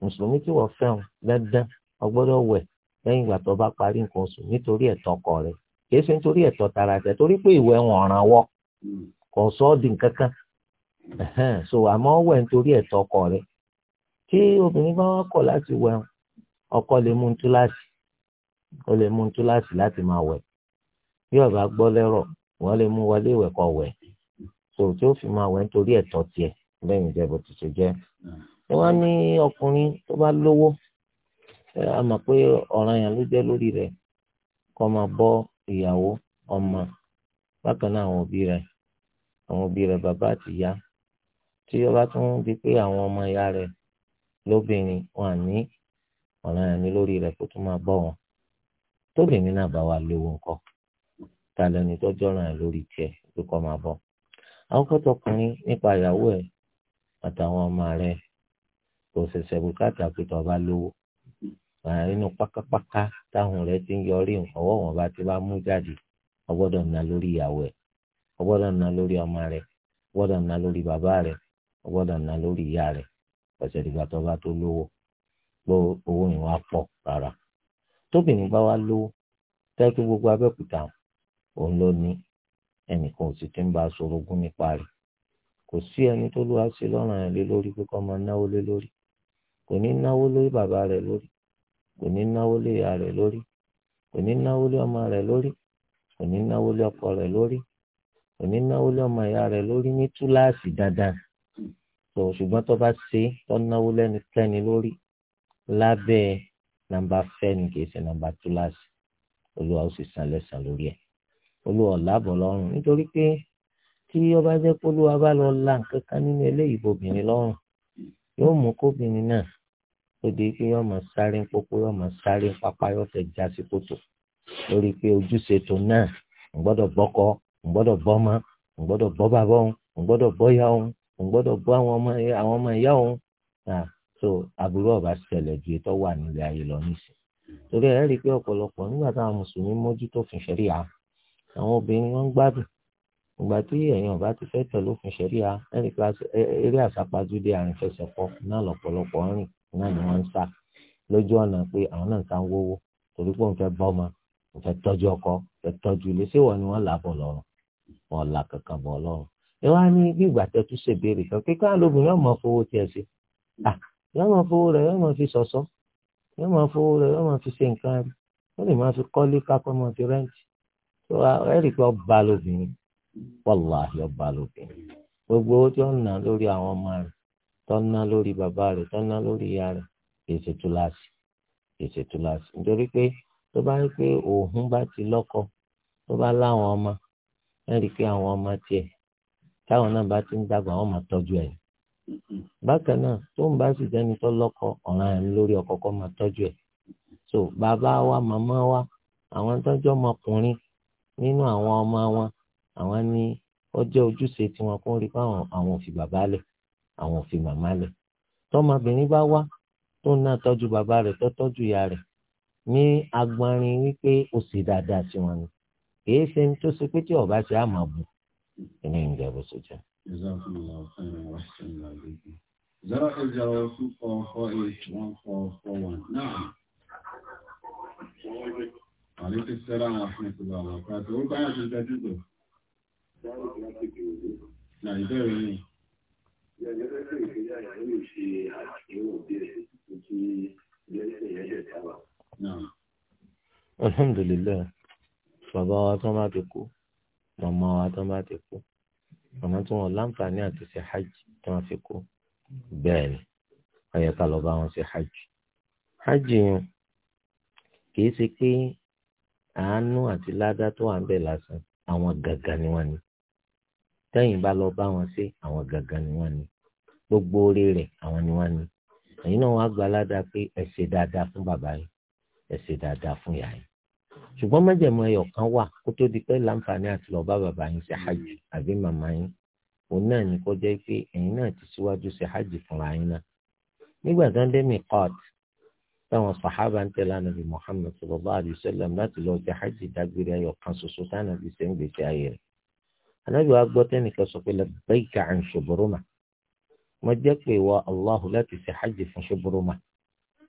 mùsùlùmí tí wọ́n hàn dandan ọgbọ́dọ̀ wẹ̀ lẹ́yìn ìgbà tó bá parí nǹkan oṣù nítorí ẹ̀tọ́ nítorí ẹ̀tọ́ tara tẹ̀ torí pé ìwẹ̀ wọn kò sọ ọ di nǹkan so àmọ́ wẹ̀ nítorí ẹ̀tọ́ ọkọ rẹ̀ tí obìnrin bá láti ọkọ lè un ó lè mú so tí ó fi máa wẹ̀ nítorí ẹ̀tọ́ tiẹ̀ lẹ́yìn ìjẹ́bù tó ṣe jẹ́. ẹ wá ní ọkùnrin tó bá lówó a mọ̀ pé ọ̀ràn yẹn ló jẹ́ lórí rẹ̀ kó máa bọ́ ìyàwó ọmọ bákan náà àwọn òbí rẹ̀ àwọn òbí rẹ̀ bàbá àti ìyá tí ó bá tún di pé àwọn ọmọ ìyá rẹ̀ lóbìnrin wọn à ní ọ̀ràn yẹn ní lórí rẹ̀ kó tún máa bọ́ wọn tóbìnrin náà bá wà lówó ńkọ́ ta lẹni tọ́jọ́ ràn yẹn lórí tiẹ̀ ló kọ́ máa bọ́. àwọn kọ́tọkùnrin nípa ìyàwó ẹ̀ àtàwọn ọmọ rẹ kò ṣẹ̀ṣẹ̀ bùkátà pé tó bá lówó nínú pákápáká táwọn rẹ ti ń yọrí ọwọ́ wọn bá ti bá mú jáde ọgbọdọ ná lórí ìyàwó ẹ̀ ọgbọdọ ná lórí ọmọ rẹ̀ ọgbọ́dọ̀ ná lórí bàbá rẹ̀ ọgbọ́dọ̀ ná lórí ìyá rẹ̀ ìgbà tó bá tó lówó owó ẹnìkan ò sì ti ń bá a sorogún nípa rẹ̀ kò sí ẹni tó lọ́wọ́ sí lọ́rùn ẹ̀ lé lórí pé kọ́ máa náwó lé lórí kò ní náwó lé bàbá rẹ̀ lórí kò ní náwó lé ìyá rẹ̀ lórí kò ní náwó lé ọmọ rẹ̀ lórí kò ní náwó lé ọkọ rẹ̀ lórí kò ní náwó lé ọmọ ìyá rẹ̀ lórí ní túláàsì dandan tó ṣùgbọ́n tó bá ṣe tó náwó lẹ́nikẹ́ni lórí lábẹ́ nàmbà fẹ́ni kì ṣe nàmbà túláàsì olúwa ó sì san lẹ́sàn lórí ẹ̀ olúwa làbọ̀ lọ́rùn nítorí pé tí ọba jẹ́ pé olúwa bá lọ la nǹkan kan nínú eléyìí bòbìnrin lọ́rùn yóò mú kóbìnrin náà ó di pé yóò máa sáré ń pópó yóò máa sáré ń pápá yóò fẹ́ já sí kòtò lórí pé ojúṣe tó náà ń gbọ́dọ̀ bọ́kọ ń gbọ́dọ̀ bọ́mọ ń gbọ́dọ̀ bọ́ bàbá òun ń gbọ́dọ̀ bọ́yá òun ń gbọ́dọ̀ bọ́ àwọn ọmọ ìyá òun so aburú ọba ṣẹlẹ̀ ju ètò wà nílé ayé lọ nísìnyí torí ẹ̀ rí pé ọ̀pọ̀lọpọ̀ nígbà táwọn mùsùlùmí mójútó fìṣẹ́ríà àwọn obìnrin wọn ń gbádùn ìgbà tí èèyàn bá ti fẹ́ tẹ̀lé òfin ṣẹ̀ríà ẹnìkan e, eré àsápajúdé àrìnfẹsẹ̀pọ̀ náà lọ́pọ̀lọpọ̀ ń rìn náà ni wọ́n ń sá lójú ọ̀nà pé àwọn náà ń sá ń wówó torí pé òun fẹ́ bọ́ ọmọ òun fẹ́ tọ́jú ọkọ fẹ́ tọ́jú ilé ṣé wọ́n ni wọ́n là bọ̀ lọ́rùn wọ́n là kankan bọ̀ lọ́rùn. ẹ wá ní bí ìgbà tẹ tún ṣe béèrè kan pé káà lóbìnrin yóò máa fowó tiẹ̀ sí yóò máa fowó rẹ̀ yóò máa fi ṣọ̀ṣọ́ yóò máa fowó rẹ̀ yóò máa fi ṣe nǹkan rẹ̀ ó lè máa fi kọ́lé kápẹ́ máa fi rẹ́ǹtì tó uh, ẹ̀rí pé ọba lóbìnrin wàláhì ọba lóbìnrin gbogbo owó tí ó ń ná lórí àwọn ọmọ rẹ̀ tó ń ná lórí bàbá rẹ̀ tó ń ná lórí ìyá rẹ̀ kì í ṣe túláàsì kì í ṣe túláàsì nítorí pé tó bá rí pé òun bá ti lọ́kọ tó bá láwọn ọmọ ẹ̀rí pé àwọn ọmọ tiẹ̀ táwọn náà bá ti ń dàgbà wọ́n máa tọ́jú ẹ̀ bákan náà tó ń bá sì jẹ́ni tó lọ́kọ ọ̀ràn ẹ̀ lórí ọkọ kó máa tọ́jú ẹ̀ so bàbá wa màmá wa àwọn tọ́jú ọmọkùnrin nínú àwọn ọmọ wọn àwọn ní ó jẹ́ ojúṣe tiwọn kó rí fáwọn àwọn òfin bàbá lẹ̀ àwọn òfin màmá lẹ̀ tọmọbìnrin bá wá tó náà tọ́jú bàbá rẹ̀ tó tọ́jú ìyá rẹ̀ ní agbọnrin wípé ó sì dáadáa sí wọn ni kìí ṣe ní tó ṣe pé tí ọba ṣe á máa bù ẹni ìjà bó ṣe jẹ. zero eight zero two four four eight one four four one nine. Àlékún sẹ́rà àwọn àfihàn àwọn àpáta. Ó báyà ti jẹ́ dìbò. Nà ìbẹ̀rẹ̀ yìí. Ìyàgbẹ́sẹ̀ ìgbéyà yàrá lè ṣe Alhamdulilayi, bàbá wa tán bá ti kú, màmá wa tán bá ti kú, màmá tí wọn láǹfààní àti ṣe hajj tí wọn fi kú, bẹ́ẹ̀ ni, ó lọ bá wọn ṣe hajj. Hajj yẹn kì í ṣe pé àánú àti ládá tó wà ń bẹ̀ lásán àwọn gàgà ni wọ́n ni tẹ́yìn bá lọ bá wọn ṣe àwọn gàgà ni wọ́n ni gbogbo orí rẹ̀ àwọn ni wọ́n ni ẹ̀yin náà wàá gba ládàá pé ẹ ṣe dáadáa fún bàbá yín ẹ ṣe dáadáa fún ìyá yín ṣùgbọ́n májẹ̀mọ́ ẹyọ kan wà kó tó di pé láǹfààní àti lọ bá bàbá yín ṣe hajj àbí màmá yín òun náà ní kọjá pé ẹ̀yin náà ti síwájú ṣe hajj fúnra yín náà nígbà tó ń dé mi kọ́ọ̀tù táwọn sàhábà ń tẹ̀lé ànábì Muhammad sallallahu alayhi wa sallam láti lọ sí hajj dágbére ayọ̀ kan ṣoṣo tánàbì ṣe ń gbèsè ayé rẹ̀ ànábì wa gbọ́ tẹ́nìkan sọ pé labbayka an Shubruma mo jẹ́ pé wọ Allahu láti ṣe hajj fún Shubruma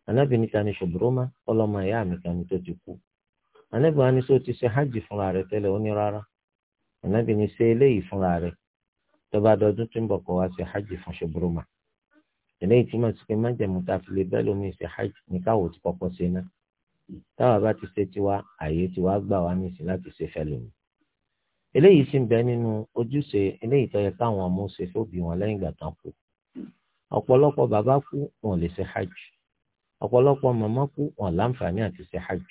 ànábì níta ni Shubruma ọlọ́mọ ìyá mi kan ni tó ti kú ànábì wa ní sọ ti ṣe hajj fúnra rẹ̀ tẹ́lẹ̀ ó ní rárá ànábì ní ṣe eléyìí fúnra rẹ̀ tó bá dọdún tí ń bọ̀ kọ́ wá ṣe hajj fún Shubruma eléyìí tí màá sọ pé májẹ̀mú tá a fi lè bẹ́ẹ̀ lómi ṣe hajj ní káwọ́ ti kọ́kọ́ ṣe ná táwa bá ti ṣe tiwa àyè tiwa gbà wá ní ìsìn láti ṣe fẹ́ lómi. eléyìí sì ń bẹ nínú ojúṣe eléyìí tó yẹ káwọn ọmọ ṣe fóbi wọn lẹ́yìn ìgbà tán kú ọ̀pọ̀lọpọ̀ bàbá kú wọn lè ṣe hajj ọ̀pọ̀lọpọ̀ màmá kú wọn láǹfààní àti ṣe hajj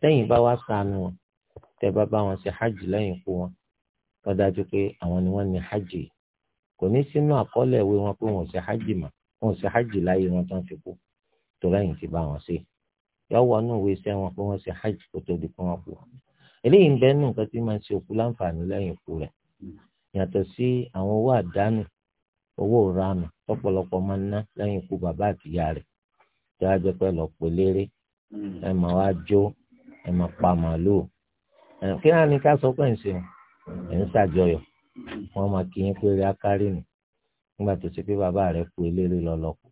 tẹ́yìn bá wá ṣàánú wọn tẹ́ wọn ṣe hajj lẹ́yìn kú wọn tó dájú pé àwọn ni wọ́n ní hajj kò ní sínú àkọọ́lẹ̀ ìwé wọn pé wọn ò ṣe hajj mọ́ wọn ò sí hajj láyé wọn tán fi kú tó lẹ́yìn ti bá wọn ṣe yọwọ inú ìwé iṣẹ́ wọn pé wọn ṣe hajj kó tó di pé wọn kú eléyìí ń bẹnu nǹkan tí máa ń ṣe òkú láǹfààní lẹ́yìn ikú rẹ̀ yàtọ̀ sí àwọn owó àdánù owó ìranù tọ́pọ̀lọpọ̀ máa ń ná lẹ́yìn ikú bàbá àtìyá rẹ̀ tí wàá jẹ pé lọ pè léré ẹ mà wá jó ẹ mà pa màlúù kí náà ni ká sọ pé ń ṣe ẹ ń ṣàjọyọ̀ wọn máa kí yín péré ákárì nù nígbà tó ṣe pé bàbá rẹ̀ kú eléré lọ́lọ́kù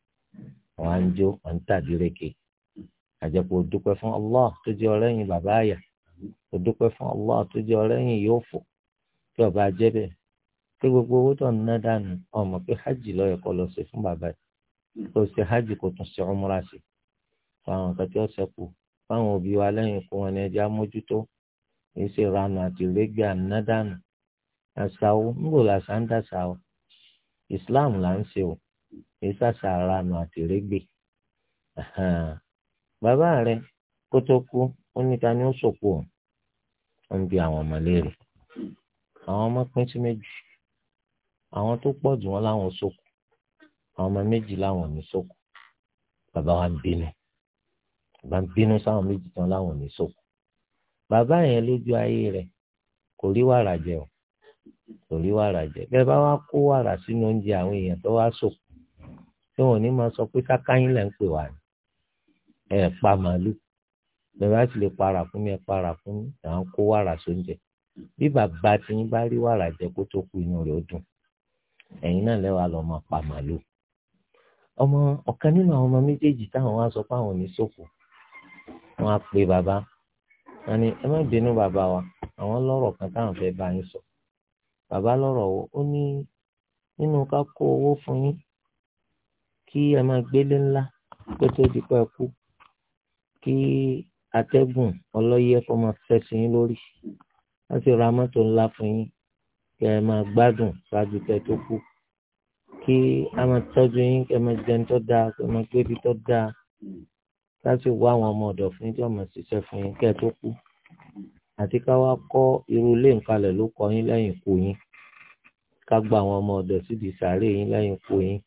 àwọn ń jó à ń tàdíreke àjẹpọ̀ ó fún Allah tó jẹ́ ọlẹ́yìn bàbá àyà ó dúpẹ́ fún Allah tó jẹ́ ọlẹ́yìn yóò fò tí ọba jẹ́ bẹ́ẹ̀ pé gbogbo owó tó ń ná dànù ọmọ pé hajj ló yẹ kó lọ ṣe fún bàbá yìí kó ṣe hajj kó tún ṣe ọmúra sí fáwọn nǹkan tí ó ṣẹ́kù fáwọn òbí wa lẹ́yìn ikú wọn ni ẹja mójútó èyí àti ìrẹ́gbẹ́ ànádànù àṣà wo níbo làṣà ń dàṣà o islam là ń ṣe o èyí ṣàṣà ara nù àtẹ̀rẹ́gbè bàbá rẹ kó tó kú ó ní ta ni ó sòkò ó ń bi àwọn ọmọ léèrè àwọn ọmọ pín sí méjì àwọn tó pọ̀ jù wọn láwọn sòkò àwọn ọmọ méjì láwọn ní sòkò bàbá wa ń bínú bàbá ń bínú sáwọn méjì tán láwọn ní sòkò bàbá yẹn lójú ayé rẹ kò rí wàrà jẹ o kò rí wàrà jẹ bẹ́ẹ̀ bá wá kó wàrà sínú oúnjẹ àwọn èèyàn tó wá sòkò tí wọn ò ní máa sọ pé kákáyín lẹ ń pè wá ni ẹ pa màálù bẹ́ẹ̀ bá sì lè para fún mi ẹ para fún mi à ń kó wàrà sóúnjẹ bí bàbá tí yín bá rí wàrà jẹ kó tó kú inú rẹ̀ ó dùn ẹ̀yin náà lẹwàá lọ máa pa màálù ọmọ ọ̀kan nínú àwọn ọmọ méjèèjì táwọn wá sọ pé àwọn ò ní sòkò wọn á pe bàbá wọn ni ẹ má bínú bàbá wa àwọn lọ́rọ̀ kan táwọn fẹ́ẹ́ bá yín sọ bàbá lọ́rọ̀ wo ó ní nínú ká kó owó fún yín kí ẹ máa gbélé ńlá pé tó di pẹ́ kú kí atẹ́gùn ọlọ́yẹ̀ kó máa fẹ́ sí yín lórí wọ́n sì ra mọ́tò ńlá fún yín kí ẹ máa gbádùn ṣáájú kẹ́ tó kú kí a máa tọ́jú yín kẹ́ máa jẹun tó dáa kẹ́ máa gbébi tó dáa ká sì wá àwọn ọmọ ọ̀dọ̀ fún yín tí wọ́n máa ṣiṣẹ́ fún yín kẹ́ tó kú àti ká wá kọ́ irú ilé nǹkalẹ̀ ló kọ́ yín lẹ́yìn ikú yín ká gba àwọn ọmọ ọ̀dọ̀ síbi sàárè yín lẹ́yìn ikú yín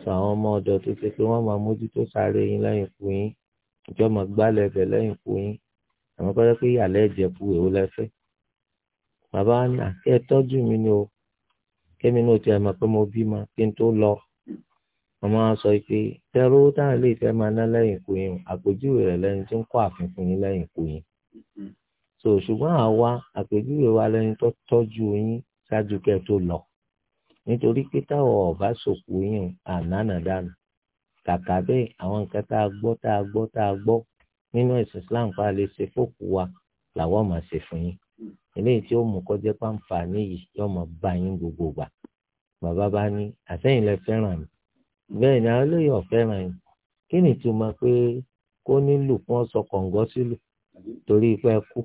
sọ àwọn ọmọ ọ̀dọ̀ tó ṣe pé wọ́n máa mójútó sàárè yín lẹ́yìn ikú yín ìjọ máa gbálẹ̀ ẹ̀fẹ̀ lẹ́yìn ikú yín àwọn kọ́ pé ìyàlẹ́ ìjẹ̀kú èwo lẹ́fẹ́ bàbá wa ní àti ẹ tọ́jú mi ni o kémi náà ti ẹ̀ mọ̀ pé mo bímọ kí n tó lọ ọmọ wa sọ pé tẹ́rù táwọn ilé ìfẹ́ máa ná lẹ́yìn ikú yín àpèjúwe rẹ̀ lẹ́yìn tí ń kọ́ àfin yín lẹ́yìn ikú yín so ṣùgbọ́n àwa àpèjúwe wa lẹni tó tọ́jú yín ṣáájú kẹ́ tó lọ nítorí pé táwọn ọba sòkú yín ànánàdánù kàkà bẹ́ẹ̀ àwọn nǹkan tá a gbọ́ tá a gbọ́ tá a gbọ́ nínú ẹ̀sìn Islam pa lè ṣe fóòkù wa làwọn máa ṣe fún yín eléyìí tí ó mú kọjá pàǹfààní yìí yóò máa bá yín gbogbo gbà bàbá bá ní àtẹ̀yìn lẹ fẹ́ràn mi bẹ́ẹ̀ ni àwọn olóyè ọ̀fẹ́ràn yìí kí ni ìtumọ̀ pé kó nílù kí wọ́n sọ kọ̀ǹgọ́ sílù torí pé ẹ kú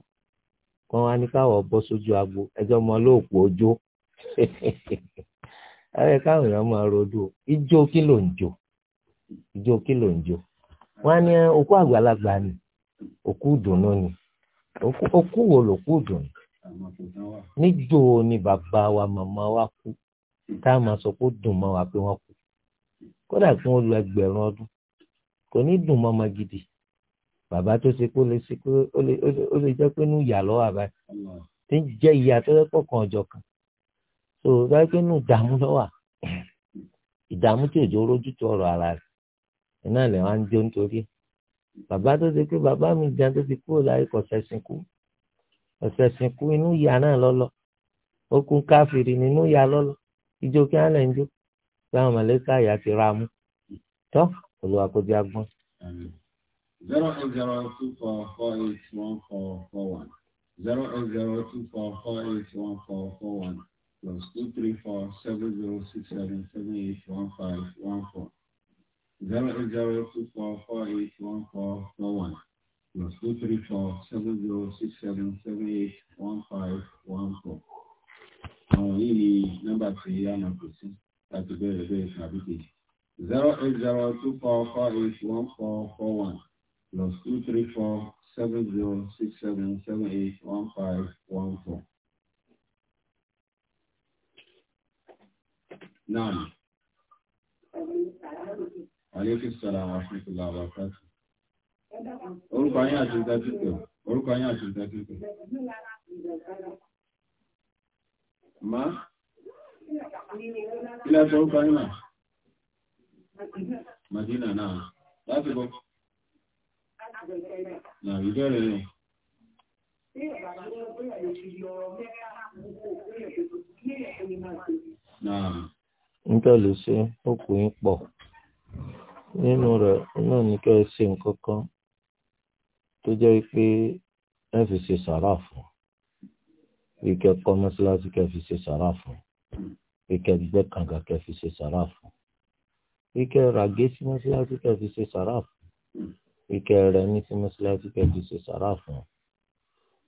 wọn wá ní káwọn bọ́ sójú agbo ẹjọ́ mọ lóòpọ̀ ojó ẹ káwọn èèyàn máa rojú ijó kí ló ń jó ijó kí ló ń jó wọn á ní òkú àgbàlagbà ni òkú ìdùnnú ni òkú wo lòkú ìdùnnú níjó ni bàbá wa màmá wa kú tá a máa sọ pé ó dùn mọ́ wa pé wọ́n kú kódà kí wọ́n lu ẹgbẹ̀rún ọdún kò ní dùn mọ́ ọmọ gidi bàbá tó ṣe pé ó lè ṣe pé ó lè jẹ́ pé inú ìyà ló wà báyìí tí ń jẹ́ ìyà tó yẹ pọ̀ kan ọjọ́ kan tó dájú pé inú ìdààmú ló wà ìdààmú tí òjò rójútu ọ̀rọ̀ ara rẹ̀ iná lè wá ń jó nítorí bàbá tó ṣe pé bàbá mi gan tó ti kúrò láyé kọ̀ọ̀sẹ̀ sìnkú ọ̀sẹ̀ sìnkú inú ìyà náà lọ́lọ́ okùn káfíìrì nínú ìyà lọ́lọ́ ìjó kí á ń jó láwọn mọ̀lẹ́ká ìyá ti ra mú tọ́ olùwàkójú agbọ́n. zero eight zero two four four eight one four four one zero eight zero two four four eight one four four one plus two three four seven zero six seven seven eight one five one four zero eight zero two four four eight one four four one plus two three four seven zero six seven seven eight one five one four. àwọn yìí ni nọ́mbà tí a máa pè sí láti bẹ̀rẹ̀ bẹ̀rẹ̀ tàbí kejì zero eight zero two four four four four one. plus two three four seven zero six seven seven eight one five one four. Naam. Aleykum salaam wa rahmatulah wa barakatuh. Orúkọ yín àti ìdájúkọ̀. Orúkọ yín àti ìdájúkọ̀. Má. Ilé ẹ̀sọ́ orúkọ yín Nà ìbéèrè ni. Nítorí ṣe ó kù ń pọ̀. Nínú rẹ̀ náà ní kẹ́ ẹ ṣe nǹkan kan tó jẹ́ pé ẹ fi ṣe sàrà fún. Ìkẹ́ kọ́ mọ́ṣáláṣí kẹ́ fi ṣe sàrà fún. Ìkẹ́ gbẹ́ kàǹgà kẹ́ fi ṣe sàrà fún. Ìkẹ́ ràgé sí mọ́ṣáláṣí kẹ́ fi ṣe sàrà fún ike rẹ̀ ní sí mọ́ṣáláṣí kẹfì ṣe sàrà fún wọn.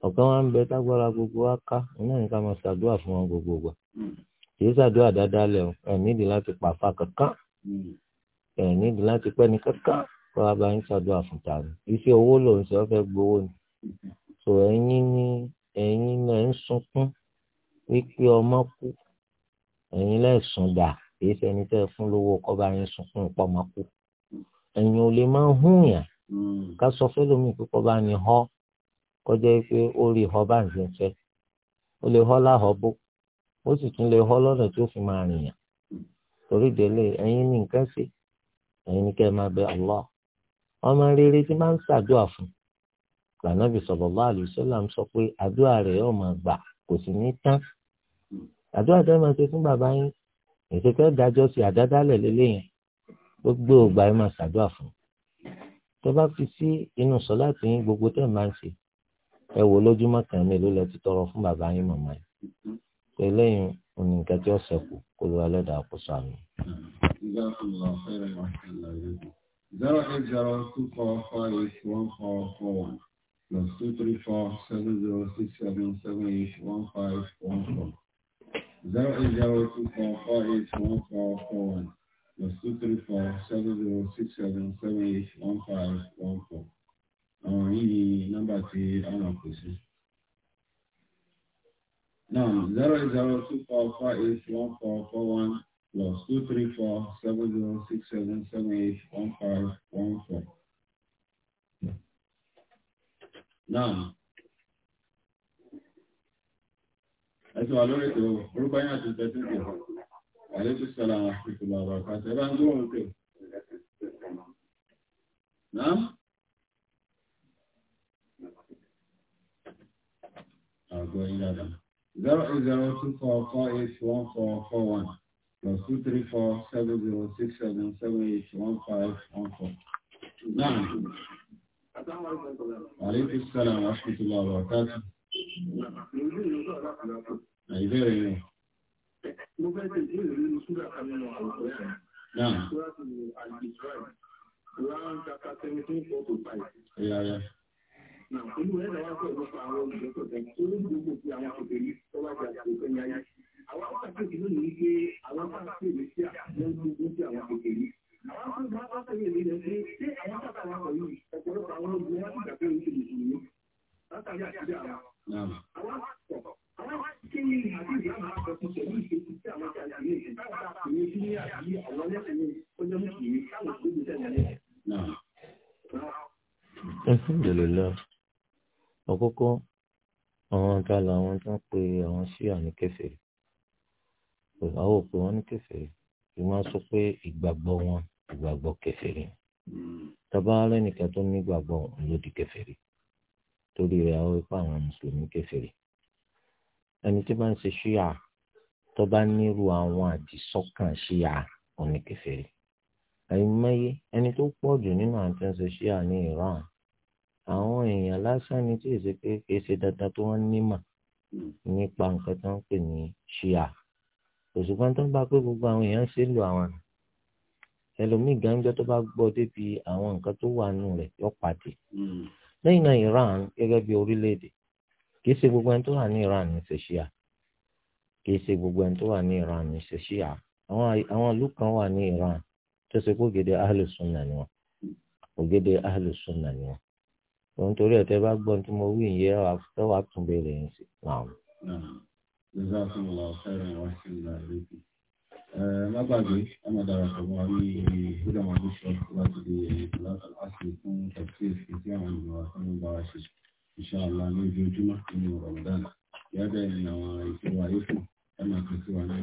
ọ̀kan wa ń bẹ tágbára gbogbo wa ká iná nǹkan máa ṣàdúrà fún wọn gbogbo gbà kì í ṣàdúrà dáadáa lẹ̀ ẹ̀ nídìí láti pàfà kankan ẹ̀ nídìí láti pẹ́ ní kankan kó wa bá ń ṣàdúrà fún ta ni iṣẹ́ owó ló ṣe ọ́ fẹ́ gbowó ni so ẹ̀yin ni ẹ̀yin náà ń sunkún wípé ọmọ kú ẹ̀yin lẹ́sùn dà kì í ṣe ẹni tẹ́ fún lówó kọ́ bá yín sunkún pọ́mọ kú ẹ̀yin ò lè máa hún yàn Hmm. ká sọ fẹlẹmi kíkọ bá ní họ kọjá pé ó rí họ bá ń ṣe ń fẹ ó lè họ láhọ bó ó sì tún lè họ lọ́nà tó fi máa rìnyàn torí délé ẹ̀yin ní nǹkan ṣe ẹ̀yin ní kẹ́ máa bẹ Allah ọmọ rere tí máa ń ṣàdúrà fún lànàbì sallallahu alaihi wasallam sọ pé àdúrà rẹ̀ yóò máa gbà kò sì ní tán àdúrà tẹ́ máa ṣe fún bàbá yín èsì fẹ́ dájọ́ sí àdádálẹ̀ lélẹ́yìn gbogbo ògbà yín máa ṣàdúrà fún un tó bá fi sí inú sọlá tí yín gbogbo tẹ̀ máa ń ṣe ẹ wò lójúmọ́ kan mélòó lẹ ti tọrọ fún bàbá yín màmá yín pẹ̀lẹ́ yín òní nǹkan tí ó ṣẹ̀kù kó ló wà lọ́dà àkóso àmì. zero eight zero two four four eight one four four one plus two three four seven zero six seven seven eight one five one four zero eight zero two four four eight one four four one plus two three four seven zero six seven seven eight one five one four àwọn yìí ni nọ́mbà tí a máa pè sí. náà zero eight zero two four four eight one four four one plus two three four seven zero six seven seven eight one five one four. náà ẹ ti wà lórí ètò orúkọ yín àti ìtẹ́sí ìtẹ́sí. عليكم السلام ورحمة الله وبركاته إذا أنتم ممكن نعم أقول إلى ذلك 08024481441 plus 2347067781514 نعم عليكم السلام ورحمة الله وبركاته ìbéèrè rẹ̀. mo fẹ́ ṣe ìbéèrè nínú súdà kan nínú àwùjọ yẹn. Súdà tó ní àlùbíṣọ́ round chapter seventeen four to five. Olú ẹ̀rọ wa sọ̀rọ̀ nípa àwọn olùdókòtò tó ní ti àwọn òkè yìí jà sí òkè yáyá. Àwọn akẹ́kọ̀ọ́ ìlú ní pé àwọn akẹ́kọ̀ọ́ ìlú sí àwọn gbogbo ti àwọn òkè Àwọn akẹ́kọ̀ọ́ ìlú ní àwọn akẹ́kọ̀ọ́ àwọn yìí àwọn olùdókòtò wọn kí àwọn ìjàlẹ̀ làwọn tó ń pe àwọn ṣíà ní kèfèrí àwọn òpè wọn ní kèfèrí kí wọ́n sọ pé ìgbàgbọ́ wọn ìgbàgbọ́ kèfèrí tọ́ba lẹ́nìkan tó ní ìgbàgbọ́ òun ló di kèfèrí torí rẹ̀ àwọn ipá àwọn mùsùlùmí kèfèrí ẹni tí bá ń ṣe ṣíyà tó bá nírú àwọn àdìsọ́kàn ṣíyà oníkèfèrí àìmọye ẹni tó pọ̀ jù nínú àti ẹsẹ̀ ṣíà ní Iran àwọn èèyàn lásán ni tí èsì pé kìí ṣe dandan tó wọ́n nímọ̀ nípa nǹkan tó ń pè ní ṣíà òṣùpá tó ń bá pé gbogbo àwọn èèyàn ṣe lò àwọn ẹlòmíì gánjọ́ tó bá gbọ́ débi àwọn nǹkan tó wà nù rẹ̀ yọ pàdé hmm. lẹ́yìn náà Iran gẹ́gẹ́ bí orílẹ̀-èdè kìí ṣe gbogbo ẹni tó wà ní Iran ní ṣe ṣíà kìí ṣe gbogbo ẹni tó wà ní Iran ní ṣe ṣíà àwọn ìlú kan wà ní Iran tó ṣe kó gèdè ahlu sunna ni wọn ògèdè ahlu sunna ni wọn òun torí ẹ̀ tẹ́ bá gbọ́n tí mo wí yẹ ẹ wàá tún béèrè yín sí náà. Má gbàgbé, darapọ̀ mọ́ àwọn ìwé ìgbéyàwó láti di ẹ̀yìn láti fún ẹ̀kí ìfìdí àwọn ìgbà tó ń bá wa ṣe ìṣàlá lójoojúmọ́ nínú Ramadan yàtọ̀ ní àwọn ètò wáyé fún ẹ máa kàn sí wa ní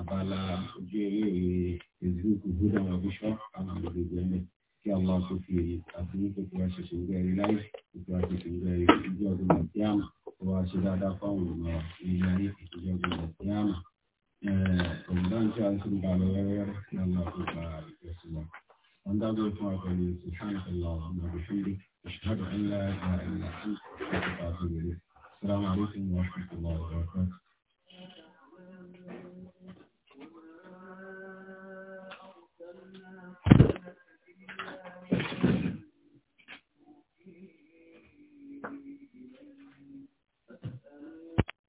abala ojú eré ìwé ìdúkù gbúdọ̀ àwọn bíṣọ́ àwọn àgbègbè ẹ̀mẹ́ kí Allah tó fi èyí àti ní pé kí wá ṣe ṣèǹgbẹ́ ẹ̀rí láyé kí wá ṣe ṣèǹgbẹ́ ẹ̀rí ìjọ ọdún àti àmà kí wá ṣe dáadáa fáwọn ọmọ ilé ayé ìjọ ọdún àti àmà Ramadan tí a ti ń ba lọ wẹ́rẹ́wẹ́rẹ́ kí Allah tó gba ìjọsìn wa. Wọ́n dábẹ́ fún àpẹẹrẹ أشهد أن لا إله إلا الله أستغفرك السلام عليكم ورحمة الله وبركاته